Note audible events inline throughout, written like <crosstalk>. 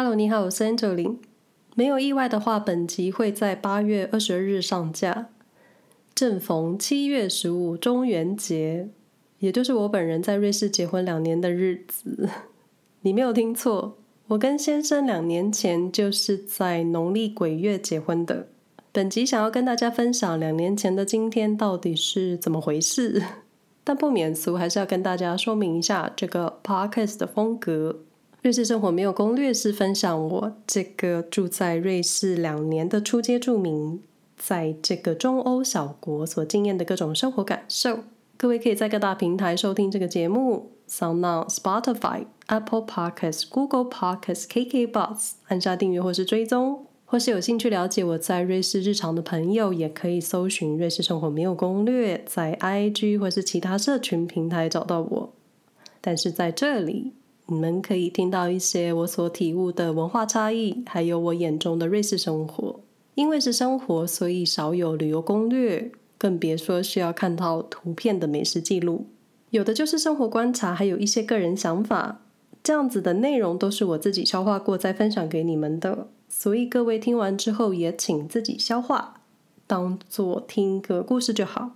Hello，你好，我是 Angelina。沒有意外的話，本集會在八月二十日上架。正逢七月十五中元節，也就是我本人在瑞士結婚兩年的日子。你沒有聽錯，我跟先生兩年前就是在農曆鬼月結婚的。本集想要跟大家分享兩年前的今天到底是怎麼回事，但不免俗，還是要跟大家說明一下這個 podcast 的風格。瑞士生活沒有攻略是分享我這個住在瑞士兩年的初階住民，在這個中歐小國所經驗的各種生活感受。各位可以在各大平台收聽這個節目：SoundCloud、Spotify、Apple Podcasts、Google Podcasts、KKBox，按下訂閱或是追蹤，或是有興趣了解我在瑞士日常的朋友，也可以搜尋“瑞士生活沒有攻略”，在 IG 或是其他社群平台找到我。但是在這裡。你們可以聽到一些我所體悟的文化差異，還有我眼中的瑞士生活。因為是生活，所以少有旅遊攻略，更別說需要看到圖片的美食記錄。有的就是生活觀察，還有一些個人想法。這樣子的內容都是我自己消化過再分享給你們的，所以各位聽完之後也請自己消化，當做聽個故事就好。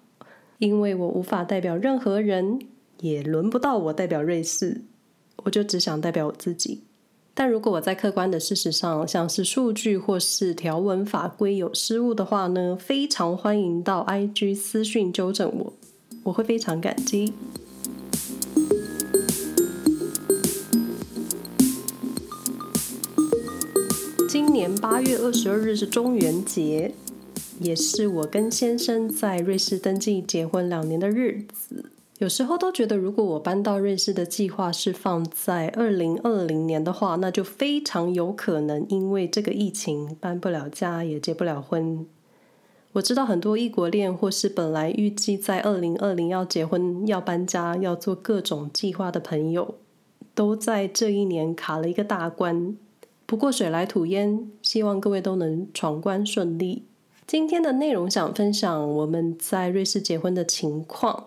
因為我無法代表任何人，也輪不到我代表瑞士。我就只想代表我自己，但如果我在客觀的事實上，像是數據或是條文法規有失誤的話呢，非常歡迎到 IG 私訊糾正我，我會非常感激。今年八月二十二日是中元節，也是我跟先生在瑞士登記結婚兩年的日子。有時候都覺得，如果我搬到瑞士的計劃是放在二零二零年的話，那就非常有可能因為這個疫情搬不了家，也結不了婚。我知道很多異國戀或是本來預計在二零二零要結婚、要搬家、要做各種計劃的朋友，都在這一年卡了一個大關。不過水來土掩，希望各位都能闖關順利。今天的內容想分享我們在瑞士結婚的情況。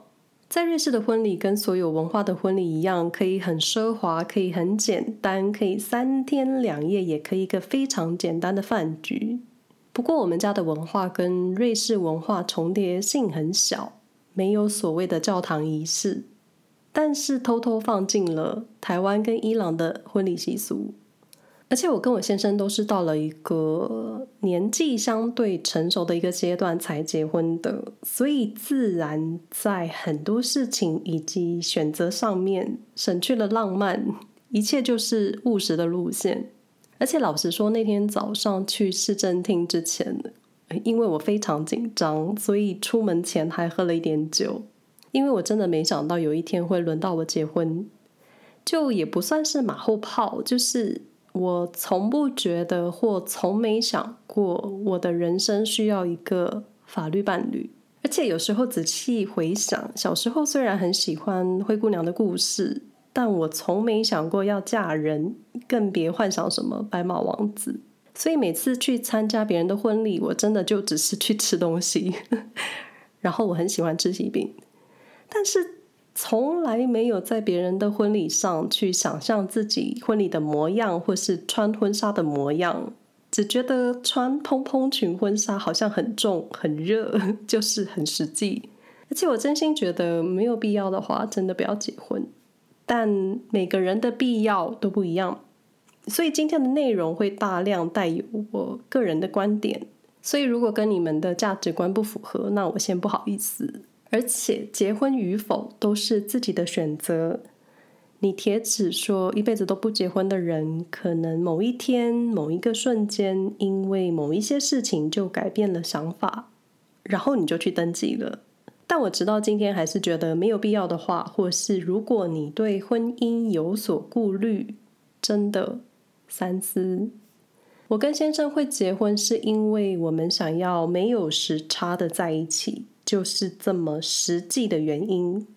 在瑞士的婚禮跟所有文化的婚禮一樣，可以很奢華，可以很簡單，可以三天兩夜，也可以一個非常簡單的飯局。不過我們家的文化跟瑞士文化重疊性很小，沒有所謂的教堂儀式，但是偷偷放進了台灣跟伊朗的婚禮習俗。而且我跟我先生都是到了一個年紀相對成熟的一個階段才結婚的，所以自然在很多事情以及選擇上面省去了浪漫，一切就是務實的路線。而且老實說，那天早上去市政廳之前，因為我非常緊張，所以出門前還喝了一點酒，因為我真的沒想到有一天會輪到我結婚，就也不算是馬後炮，就是。我從不覺得，或從沒想過，我的人生需要一個法律伴侶。而且有時候仔細回想，小時候雖然很喜歡灰姑娘的故事，但我從沒想過要嫁人，更別幻想什麼白馬王子。所以每次去參加別人的婚禮，我真的就只是去吃東西。 <laughs> 然後我很喜歡吃喜餅，但是。從來沒有在別人的婚禮上去想象自己婚禮的模樣，或是穿婚紗的模樣，只覺得穿蓬蓬裙婚紗好像很重、很熱，就是很實際。而且我真心覺得沒有必要的話，真的不要結婚。但每個人的必要都不一樣，所以今天的內容會大量帶有我個人的觀點。所以如果跟你們的價值觀不符合，那我先不好意思。而且結婚與否，都是自己的選擇。你帖子，說一輩子都不結婚的人，可能某一天、某一個瞬間，因為某一些事情就改變了想法，然後你就去登記了。但我直到今天還是覺得沒有必要的話，或是如果你對婚姻有所顧慮，真的三思。我跟先生會結婚，是因為我們想要沒有時差的在一起。就是這麼實際的原因。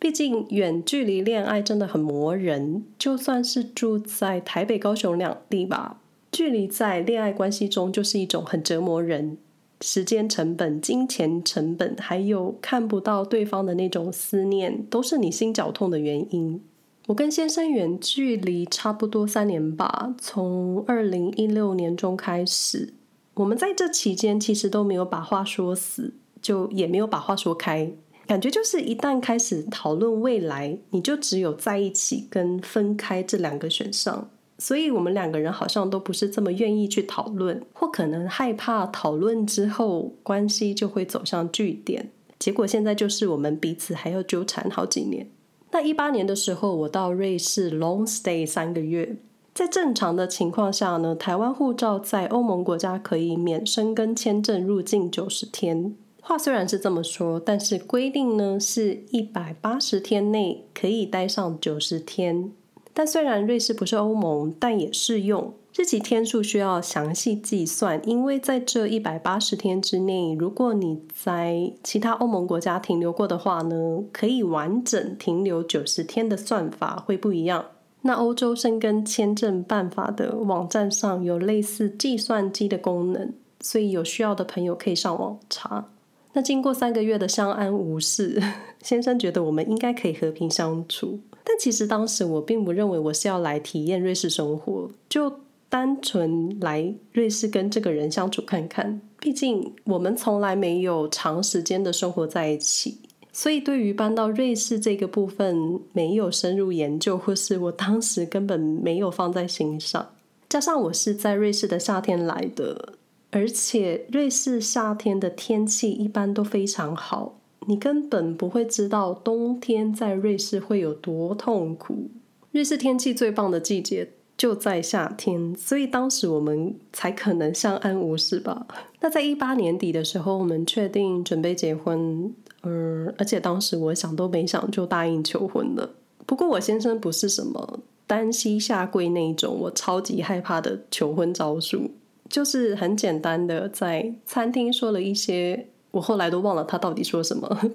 畢竟遠距離戀愛真的很磨人。就算是住在台北高雄兩地吧，距離在戀愛關係中就是一種很折磨人。時間成本、金錢成本，還有看不到對方的那種思念，都是你心絞痛的原因。我跟先生遠距離差不多三年吧，從二零一六年中開始，我們在這期間其實都沒有把話說死。就也沒有把話說開，感覺就是一旦開始討論未來，你就只有在一起跟分開這兩個選項。所以我們兩個人好像都不是這麼願意去討論，或可能害怕討論之後關係就會走向句點。結果現在就是我們彼此還要糾纏好幾年。那一八年的時候，我到瑞士 long stay 三個月，在正常的情況下呢，台灣護照在歐盟國家可以免申根簽證入境九十天。話雖然是這麼說，但是規定呢是一百八十天內可以待上九十天。但雖然瑞士不是歐盟，但也適用。日期天數需要詳細計算，因為在這一百八十天之內，如果你在其他歐盟國家停留過的話呢，可以完整停留九十天的算法會不一樣。那歐洲申根簽證辦法的網站上有類似計算機的功能，所以有需要的朋友可以上網查。那經過三個月的相安無事，先生覺得我們應該可以和平相處。但其實當時我並不認為我是要來體驗瑞士生活，就單純來瑞士跟這個人相處看看。畢竟我們從來沒有長時間的生活在一起，所以對於搬到瑞士這個部分沒有深入研究，或是我當時根本沒有放在心上。加上我是在瑞士的夏天來的。而且瑞士夏天的天氣一般都非常好，你根本不會知道冬天在瑞士會有多痛苦。瑞士天氣最棒的季節就在夏天，所以當時我們才可能相安無事吧。那在一八年底的時候，我們確定準備結婚，嗯、呃，而且當時我想都沒想就答應求婚了。不過我先生不是什麼單膝下跪那一種，我超級害怕的求婚招數。就是很簡單的，在餐廳說了一些，我後來都忘了他到底說什麼，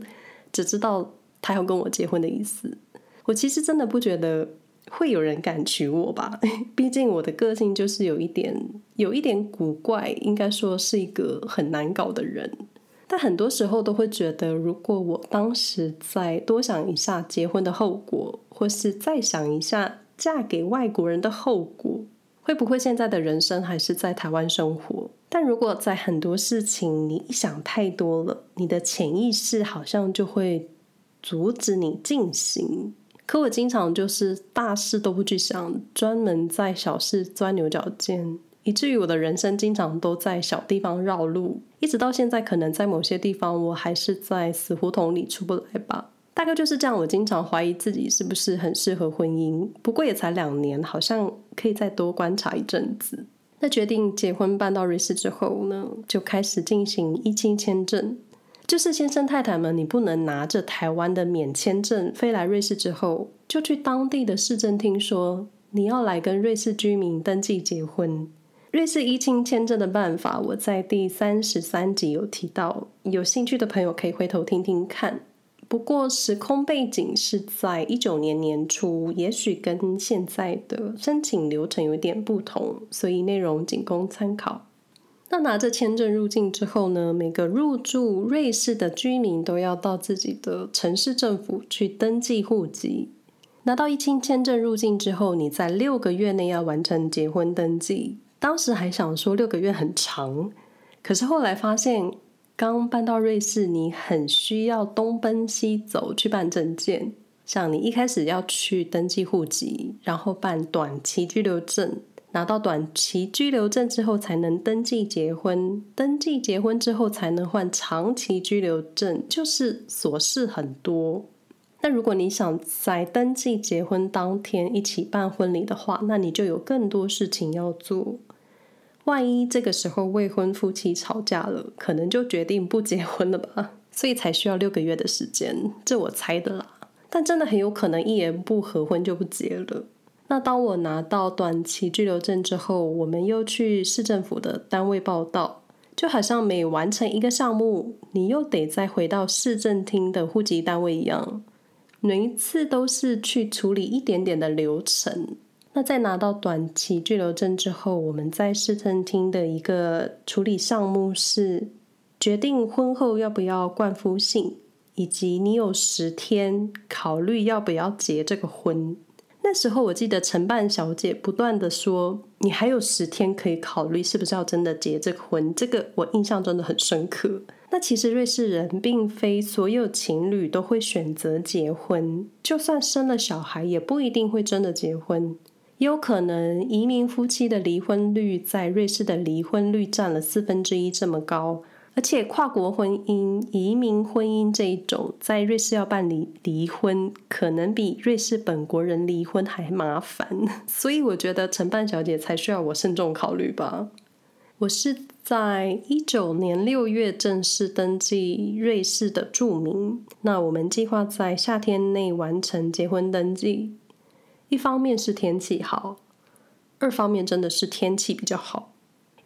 只知道他要跟我結婚的意思。我其實真的不覺得會有人敢娶我吧？畢竟我的個性就是有一點，有一點古怪，應該說是一個很難搞的人。但很多時候都會覺得，如果我當時再多想一下結婚的後果，或是再想一下嫁給外國人的後果。會不會現在的人生還是在台灣生活？但如果在很多事情，你一想太多了，你的潛意識好像就會阻止你進行。可我經常就是大事都不去想，專門在小事鑽牛角尖，以至於我的人生經常都在小地方繞路。一直到現在，可能在某些地方我還是在死胡同裡出不來吧。大概就是這樣。我經常懷疑自己是不是很適合婚姻，不過也才兩年，好像可以再多觀察一陣子。那決定結婚辦到瑞士之後呢，就開始進行依親簽證。就是先生太太們，你不能拿着台灣的免簽證飛來瑞士之後，就去當地的市政廳說你要來跟瑞士居民登記結婚。瑞士依親簽證的辦法，我在第三十三集有提到，有興趣的朋友可以回頭聽聽看。不過，時空背景是在一九年年初，也許跟現在的申請流程有點不同，所以內容僅供參考。那拿着簽證入境之後呢，每個入住瑞士的居民都要到自己的城市政府去登記戶籍。拿到依親簽證入境之後，你在六個月內要完成結婚登記。當時還想說六個月很長，可是後來發現。剛搬到瑞士，你很需要東奔西走去辦證件。像你一開始要去登記戶籍，然後辦短期居留證，拿到短期居留證之後才能登記結婚，登記結婚之後才能換長期居留證，就是瑣事很多。那如果你想在登記結婚當天一起辦婚禮的話，那你就有更多事情要做。萬一這個時候未婚夫妻吵架了，可能就決定不結婚了吧？所以才需要六個月的時間，這我猜的啦。但真的很有可能一言不合，婚就不結了。那當我拿到短期居留證之後，我們又去市政府的單位報到，就好像每完成一個項目，你又得再回到市政廳的戶籍單位一樣，每一次都是去處理一點點的流程。那在拿到短期居留證之後，我們在市政廳的一個處理項目是決定婚後要不要冠夫姓，以及你有十天考慮要不要結這個婚。那時候我記得承辦小姐不斷地說：“你還有十天可以考慮是不是要真的結這個婚。”這個我印象真的很深刻。那其實瑞士人並非所有情侶都會選擇結婚，就算生了小孩，也不一定會真的結婚。有可能移民夫妻的離婚率在瑞士的離婚率佔了四分之一這麼高，而且跨國婚姻、移民婚姻這一種，在瑞士要辦理離婚，可能比瑞士本國人離婚還麻煩。 <laughs> 所以我覺得承辦小姐才需要我慎重考慮吧。我是在一九年六月正式登記瑞士的住民，那我們計劃在夏天內完成結婚登記。一方面是天氣好，二方面真的是天氣比較好。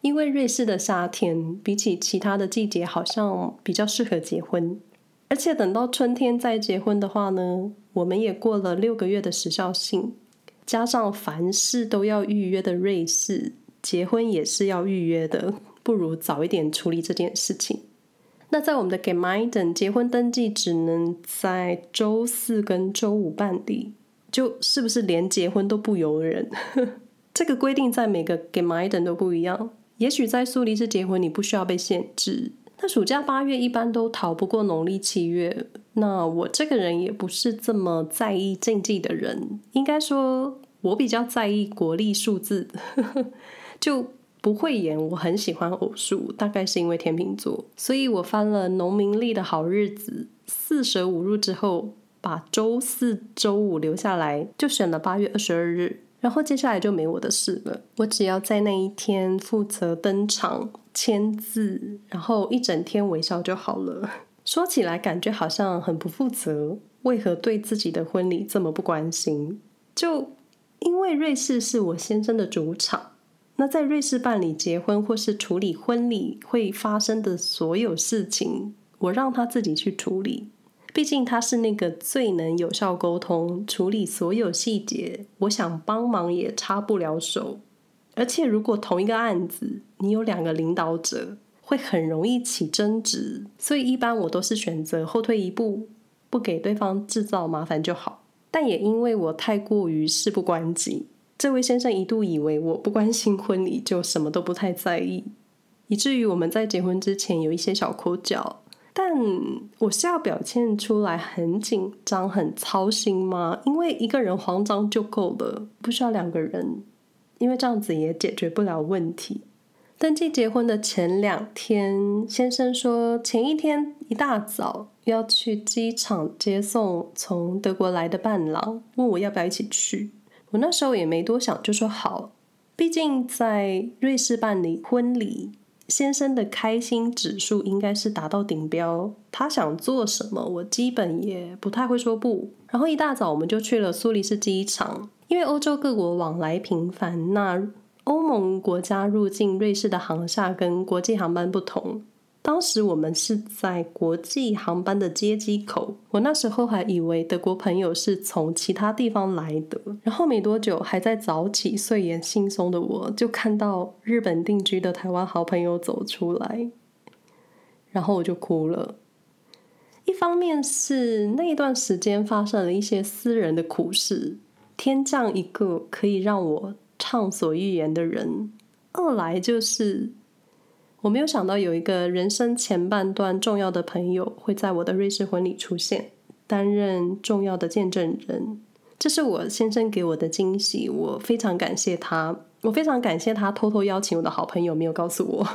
因為瑞士的夏天比起其他的季節，好像比較適合結婚。而且等到春天再結婚的話呢，我們也過了六個月的時效性，加上凡事都要預約的瑞士，結婚也是要預約的，不如早一點處理這件事情。那在我們的 Gemeinde，結婚登記只能在週四跟週五辦理。就是不是連結婚都不由人？ <laughs> 這個規定在每個 gemeinden 都不一樣。也許在蘇黎世結婚，你不需要被限制。那暑假八月一般都逃不過農曆七月。那我這個人也不是這麼在意禁忌的人，應該說我比較在意國曆數字， <laughs> 就不會演。我很喜歡偶數，大概是因為天秤座。所以我翻了農民曆的好日子，四舍五入之後。把週四、週五留下來，就選了八月二十二日。然後接下來就沒我的事了，我只要在那一天負責登場、簽字，然後一整天微笑就好了。說起來感覺好像很不負責，為何對自己的婚禮這麼不關心？就因為瑞士是我先生的主場，那在瑞士辦理結婚或是處理婚禮會發生的所有事情，我讓他自己去處理。畢竟他是那個最能有效溝通、處理所有細節，我想幫忙也插不了手。而且如果同一個案子你有兩個領導者，會很容易起爭執。所以一般我都是選擇後退一步，不給對方製造麻煩就好。但也因為我太過於事不關己，這位先生一度以為我不關心婚禮就什麼都不太在意，以至於我們在結婚之前有一些小口角。但我是要表現出來很緊張、很操心嗎？因為一個人慌張就夠了，不需要兩個人，因為這樣子也解決不了問題。登記結婚的前兩天，先生說前一天一大早要去機場接送從德國來的伴郎，問我要不要一起去。我那時候也沒多想，就說好，畢竟在瑞士辦理婚禮。先生的開心指數應該是達到頂標，他想做什麼，我基本也不太會說不。然後一大早我們就去了蘇黎世機場，因為歐洲各國往來頻繁，那歐盟國家入境瑞士的航廈跟國際航班不同。當時我們是在國際航班的接機口，我那時候還以為德國朋友是從其他地方來的，然後沒多久，還在早起睡眼惺忪的我就看到日本定居的台灣好朋友走出來，然後我就哭了。一方面是那一段時間發生了一些私人的苦事，天降一個可以讓我暢所欲言的人；二來就是。我沒有想到有一個人生前半段重要的朋友會在我的瑞士婚禮出現，擔任重要的見證人，這是我先生給我的驚喜，我非常感謝他，我非常感謝他偷偷邀請我的好朋友，沒有告訴我。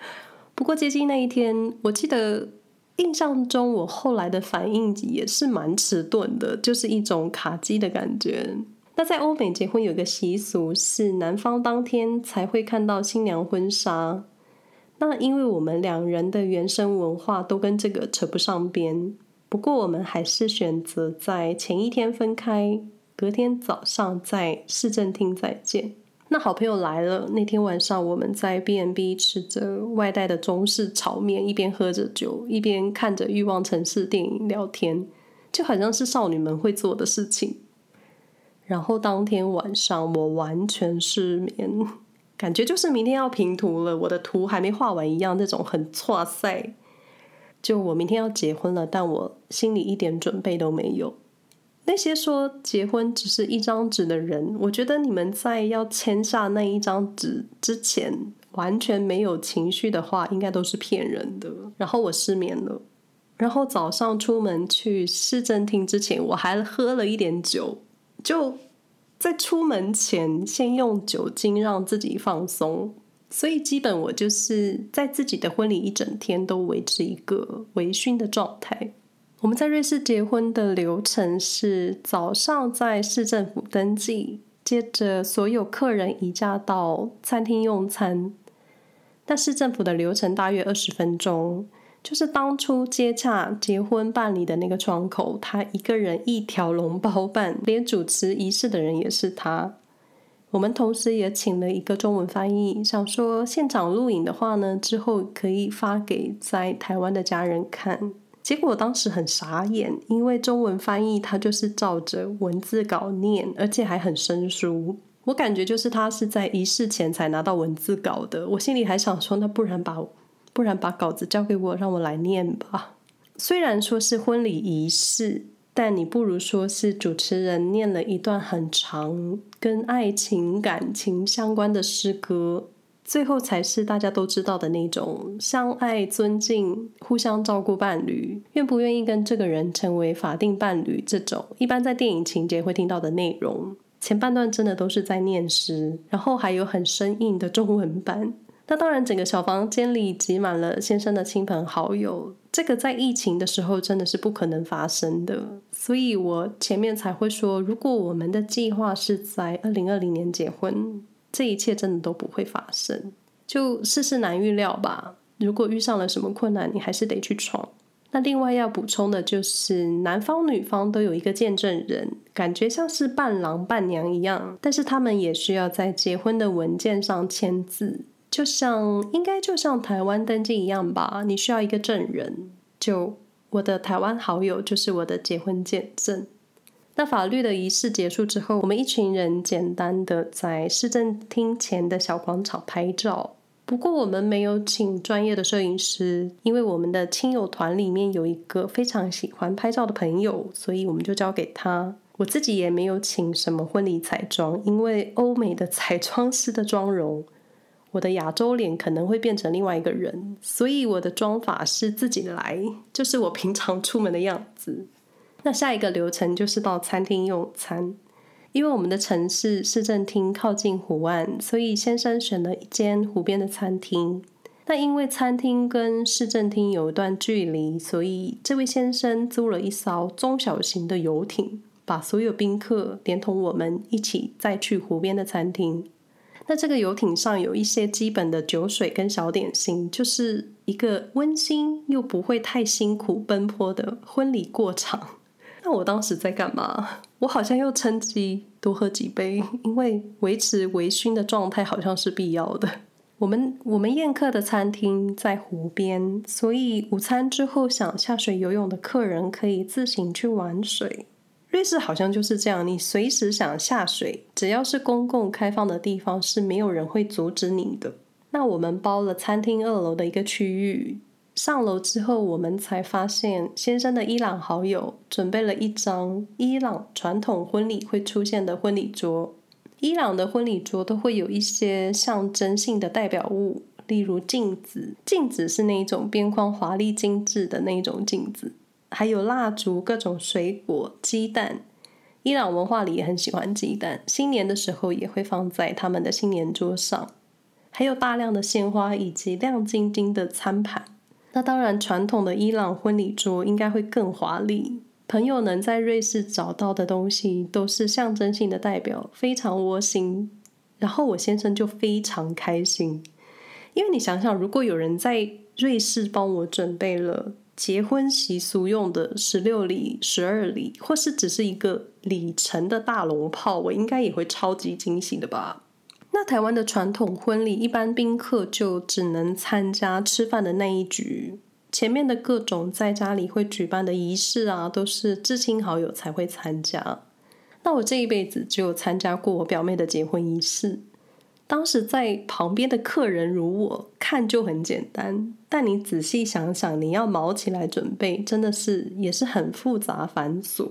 <laughs> 不過接近那一天，我記得印象中我後來的反應也是蠻遲鈍的，就是一種卡機的感覺。那在歐美結婚有個習俗，是男方當天才會看到新娘婚紗。那因為我們兩人的原生文化都跟這個扯不上邊，不過我們還是選擇在前一天分開，隔天早上在市政廳再見。那好朋友來了，那天晚上我們在 B&B 吃着外帶的中式炒麵，一邊喝着酒，一邊看着《慾望城市》電影聊天，就好像是少女們會做的事情。然後當天晚上我完全失眠。感覺就是明天要評圖了，我的圖還沒畫完一樣，那種很挫塞，就我明天要結婚了，但我心裡一點準備都沒有。那些說結婚只是一張紙的人，我覺得你們在要簽下那一張紙之前完全沒有情緒的話，應該都是騙人的。然後我失眠了，然後早上出門去市政廳之前，我還喝了一點酒，就。在出門前，先用酒精讓自己放鬆，所以基本我就是在自己的婚禮一整天都維持一個微醺的狀態。我們在瑞士結婚的流程是：早上在市政府登記，接着所有客人移駕到餐廳用餐。但市政府的流程大約二十分鐘。就是當初接洽結婚辦理的那個窗口，他一個人一條龍包辦，連主持儀式的人也是他。我們同時也請了一個中文翻譯，想說現場錄影的話呢，之後可以發給在台灣的家人看。結果當時很傻眼，因為中文翻譯他就是照着文字稿念，而且還很生疏。我感覺就是他是在儀式前才拿到文字稿的。我心裡還想說，那不然把，不然把稿子交給我，讓我來念吧。雖然說是婚禮儀式，但你不如說是主持人念了一段很長、跟愛情感情相關的詩歌，最後才是大家都知道的那種相愛、尊敬、互相照顧伴侶、願不願意跟這個人成為法定伴侶這種，一般在電影情節會聽到的內容。前半段真的都是在念詩，然後還有很生硬的中文版。那當然，整個小房間裡擠滿了先生的親朋好友，這個在疫情的時候真的是不可能發生的。所以我前面才會說，如果我們的計劃是在二零二零年結婚，這一切真的都不會發生。就世事難預料吧，如果遇上了什麼困難，你還是得去闖。那另外要補充的就是，男方女方都有一個見證人，感覺像是伴郎伴娘一樣，但是他們也需要在結婚的文件上簽字。就像，應該就像台灣登記一樣吧，你需要一個證人。就，我的台灣好友就是我的結婚見證。那法律的儀式結束之後，我們一群人簡單的在市政廳前的小廣場拍照。不過我們沒有請專業的攝影師，因為我們的親友團裡面有一個非常喜歡拍照的朋友，所以我們就交給他。我自己也沒有請什麼婚禮彩妝，因為歐美的彩妝師的妝容。我的亞洲臉可能會變成另外一個人，所以我的妝髮是自己來，就是我平常出門的樣子。那下一個流程就是到餐廳用餐，因為我們的城市市政廳靠近湖岸，所以先生選了一間湖邊的餐廳。但因為餐廳跟市政廳有一段距離，所以這位先生租了一艘中小型的遊艇，把所有賓客連同我們一起載去湖邊的餐廳。在這個遊艇上有一些基本的酒水跟小點心，就是一個溫馨又不會太辛苦奔波的婚禮過場。那我當時在幹嘛？我好像又趁機多喝幾杯，因為維持微醺的狀態好像是必要的。我們我們宴客的餐廳在湖邊，所以午餐之後想下水游泳的客人可以自行去玩水。瑞士好像就是這樣，你隨時想下水，只要是公共開放的地方，是沒有人會阻止你的。那我們包了餐廳二樓的一個區域，上樓之後，我們才發現先生的伊朗好友準備了一張伊朗傳統婚禮會出現的婚禮桌。伊朗的婚禮桌都會有一些象徵性的代表物，例如鏡子，鏡子是那種邊框華麗精緻的那種鏡子。還有蠟燭、各種水果、雞蛋。伊朗文化裡也很喜歡雞蛋，新年的時候也會放在他們的新年桌上。還有大量的鮮花以及亮晶晶的餐盤。那當然，傳統的伊朗婚禮桌應該會更華麗。朋友能在瑞士找到的東西都是象徵性的代表，非常窩心。然後我先生就非常開心，因為你想想，如果有人在瑞士幫我準備了。結婚習俗用的十六禮、十二禮，或是只是一個里程的大龍炮，我應該也會超級驚喜的吧？那台灣的傳統婚禮，一般賓客就只能參加吃飯的那一局，前面的各種在家裡會舉辦的儀式啊，都是至親好友才會參加。那我這一輩子只有參加過我表妹的結婚儀式。當時在旁邊的客人如我看就很簡單，但你仔細想想，你要卯起來準備，真的是也是很複雜繁瑣。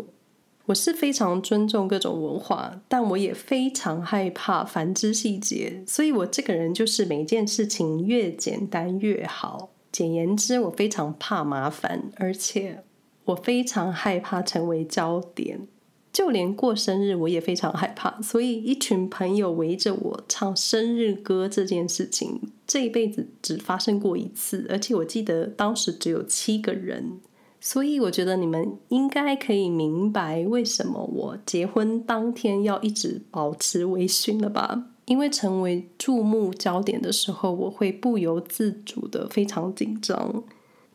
我是非常尊重各種文化，但我也非常害怕繁枝細節，所以我這個人就是每件事情越簡單越好。簡言之，我非常怕麻煩，而且我非常害怕成為焦點。就連過生日我也非常害怕，所以一群朋友圍着我唱生日歌這件事情，這一輩子只發生過一次，而且我記得當時只有七個人，所以我覺得你們應該可以明白為什麼我結婚當天要一直保持微醺了吧？因為成為注目焦點的時候，我會不由自主地非常緊張。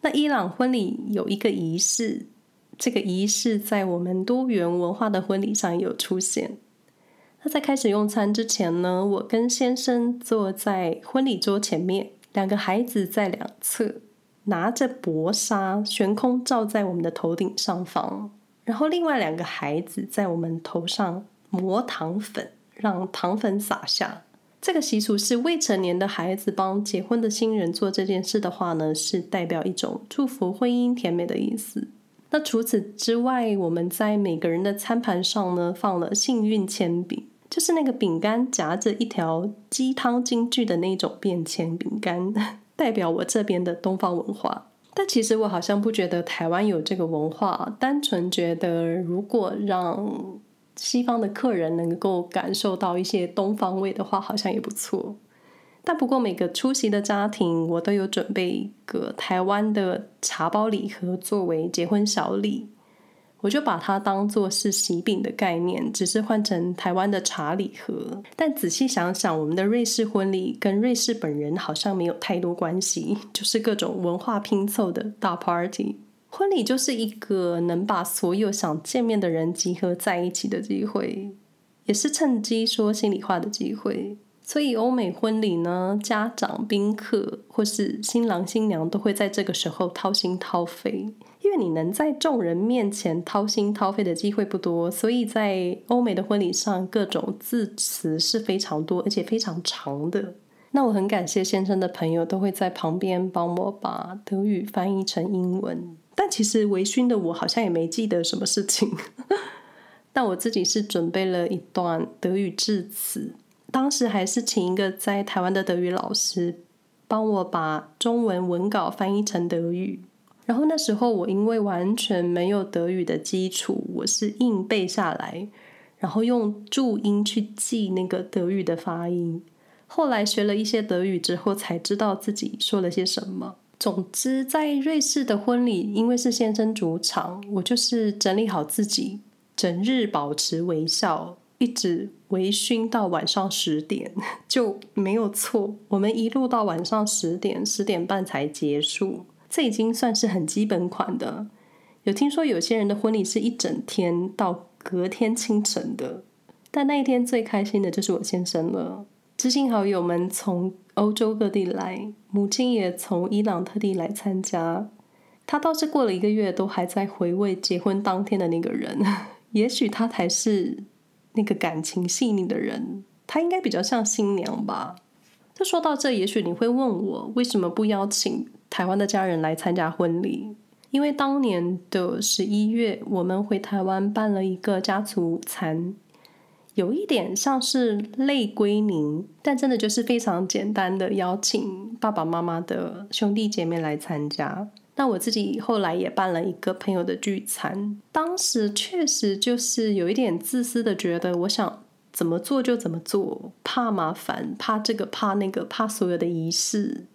那伊朗婚禮有一個儀式。這個儀式在我們多元文化的婚禮上有出現。那在開始用餐之前呢，我跟先生坐在婚禮桌前面，兩個孩子在兩側拿着薄紗懸空罩在我們的頭頂上方，然後另外兩個孩子在我們頭上磨糖粉，讓糖粉撒下。這個習俗是未成年的孩子幫結婚的新人做這件事的話呢，是代表一種祝福婚姻甜美的意思。那除此之外，我們在每個人的餐盤上呢，放了幸運籤餅，就是那個餅乾夾着一條雞湯金句的那種便籤餅乾，代表我這邊的東方文化。但其實我好像不覺得台灣有這個文化，單純覺得如果讓西方的客人能夠感受到一些東方味的話，好像也不錯。但不過，每個出席的家庭，我都有準備一個台灣的茶包禮盒作為結婚小禮，我就把它當作是喜餅的概念，只是換成台灣的茶禮盒。但仔細想想，我們的瑞士婚禮跟瑞士本人好像沒有太多關係，就是各種文化拼湊的大 party 婚禮，就是一個能把所有想見面的人集合在一起的機會，也是趁機說心裡話的機會。所以歐美婚禮呢，家長、賓客或是新郎新娘都會在這個時候掏心掏肺，因為你能在眾人面前掏心掏肺的機會不多，所以在歐美的婚禮上，各種致詞是非常多而且非常長的。那我很感謝先生的朋友都會在旁邊幫我把德語翻譯成英文，但其實微醺的我好像也沒記得什麼事情。呵呵，但我自己是準備了一段德語致辭。當時還是請一個在台灣的德語老師，幫我把中文文稿翻譯成德語。然後那時候我因為完全沒有德語的基礎，我是硬背下來，然後用注音去記那個德語的發音。後來學了一些德語之後，才知道自己說了些什麼。總之，在瑞士的婚禮，因為是先生主場，我就是整理好自己，整日保持微笑。一直微醺到晚上十點就沒有錯。我們一路到晚上十點，十點半才結束。這已經算是很基本款的。有聽說有些人的婚禮是一整天到隔天清晨的。但那一天最開心的就是我先生了。知心好友們從歐洲各地來，母親也從伊朗特地來參加。他倒是過了一個月都還在回味結婚當天的那個人。也許他才是。那個感情細膩的人，他應該比較像新娘吧。就說到這，也許你會問我為什麼不邀請台灣的家人來參加婚禮？因為當年的十一月，我們回台灣辦了一個家族午餐，有一點像是類歸寧，但真的就是非常簡單的邀請爸爸媽媽的兄弟姐妹來參加。那我自己後來也辦了一個朋友的聚餐，當時確實就是有一點自私的，覺得我想怎麼做就怎麼做，怕麻煩，怕這個怕那個，怕所有的儀式，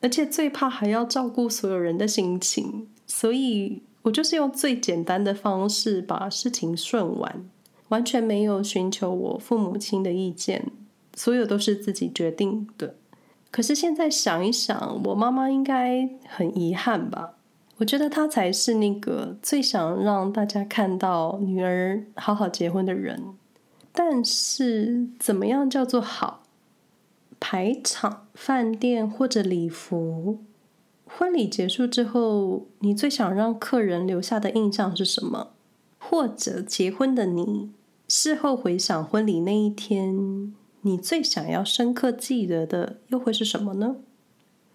而且最怕還要照顧所有人的心情，所以我就是用最簡單的方式把事情順完，完全沒有尋求我父母親的意見，所有都是自己決定的。可是現在想一想，我媽媽應該很遺憾吧？我覺得她才是那個最想讓大家看到女兒好好結婚的人。但是怎麼樣叫做好？排場、飯店或者禮服。婚禮結束之後，你最想讓客人留下的印象是什麼？或者結婚的你事後回想婚禮那一天。你最想要深刻記得的又會是什麼呢？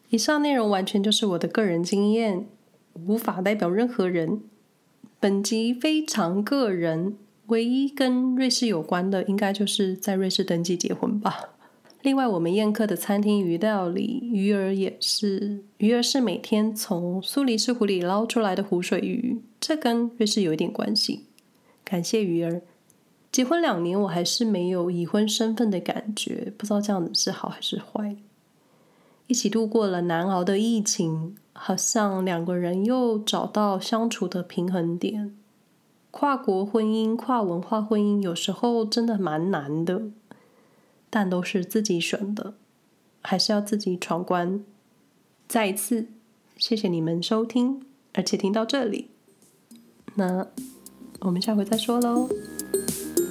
以上內容完全就是我的個人經驗，無法代表任何人。本集非常個人，唯一跟瑞士有關的，應該就是在瑞士登記結婚吧。另外，我們宴客的餐廳魚料理，魚兒也是，魚兒是每天從蘇黎世湖裡撈出來的湖水魚，這跟瑞士有一點關係。感謝魚兒。結婚兩年，我還是沒有已婚身份的感覺，不知道這樣子是好還是壞。一起度過了難熬的疫情，好像兩個人又找到相處的平衡點。跨國婚姻、跨文化婚姻，有時候真的蠻難的，但都是自己選的，還是要自己闖關。再一次謝謝你們收聽，而且聽到這裡，那我們下回再說嘍。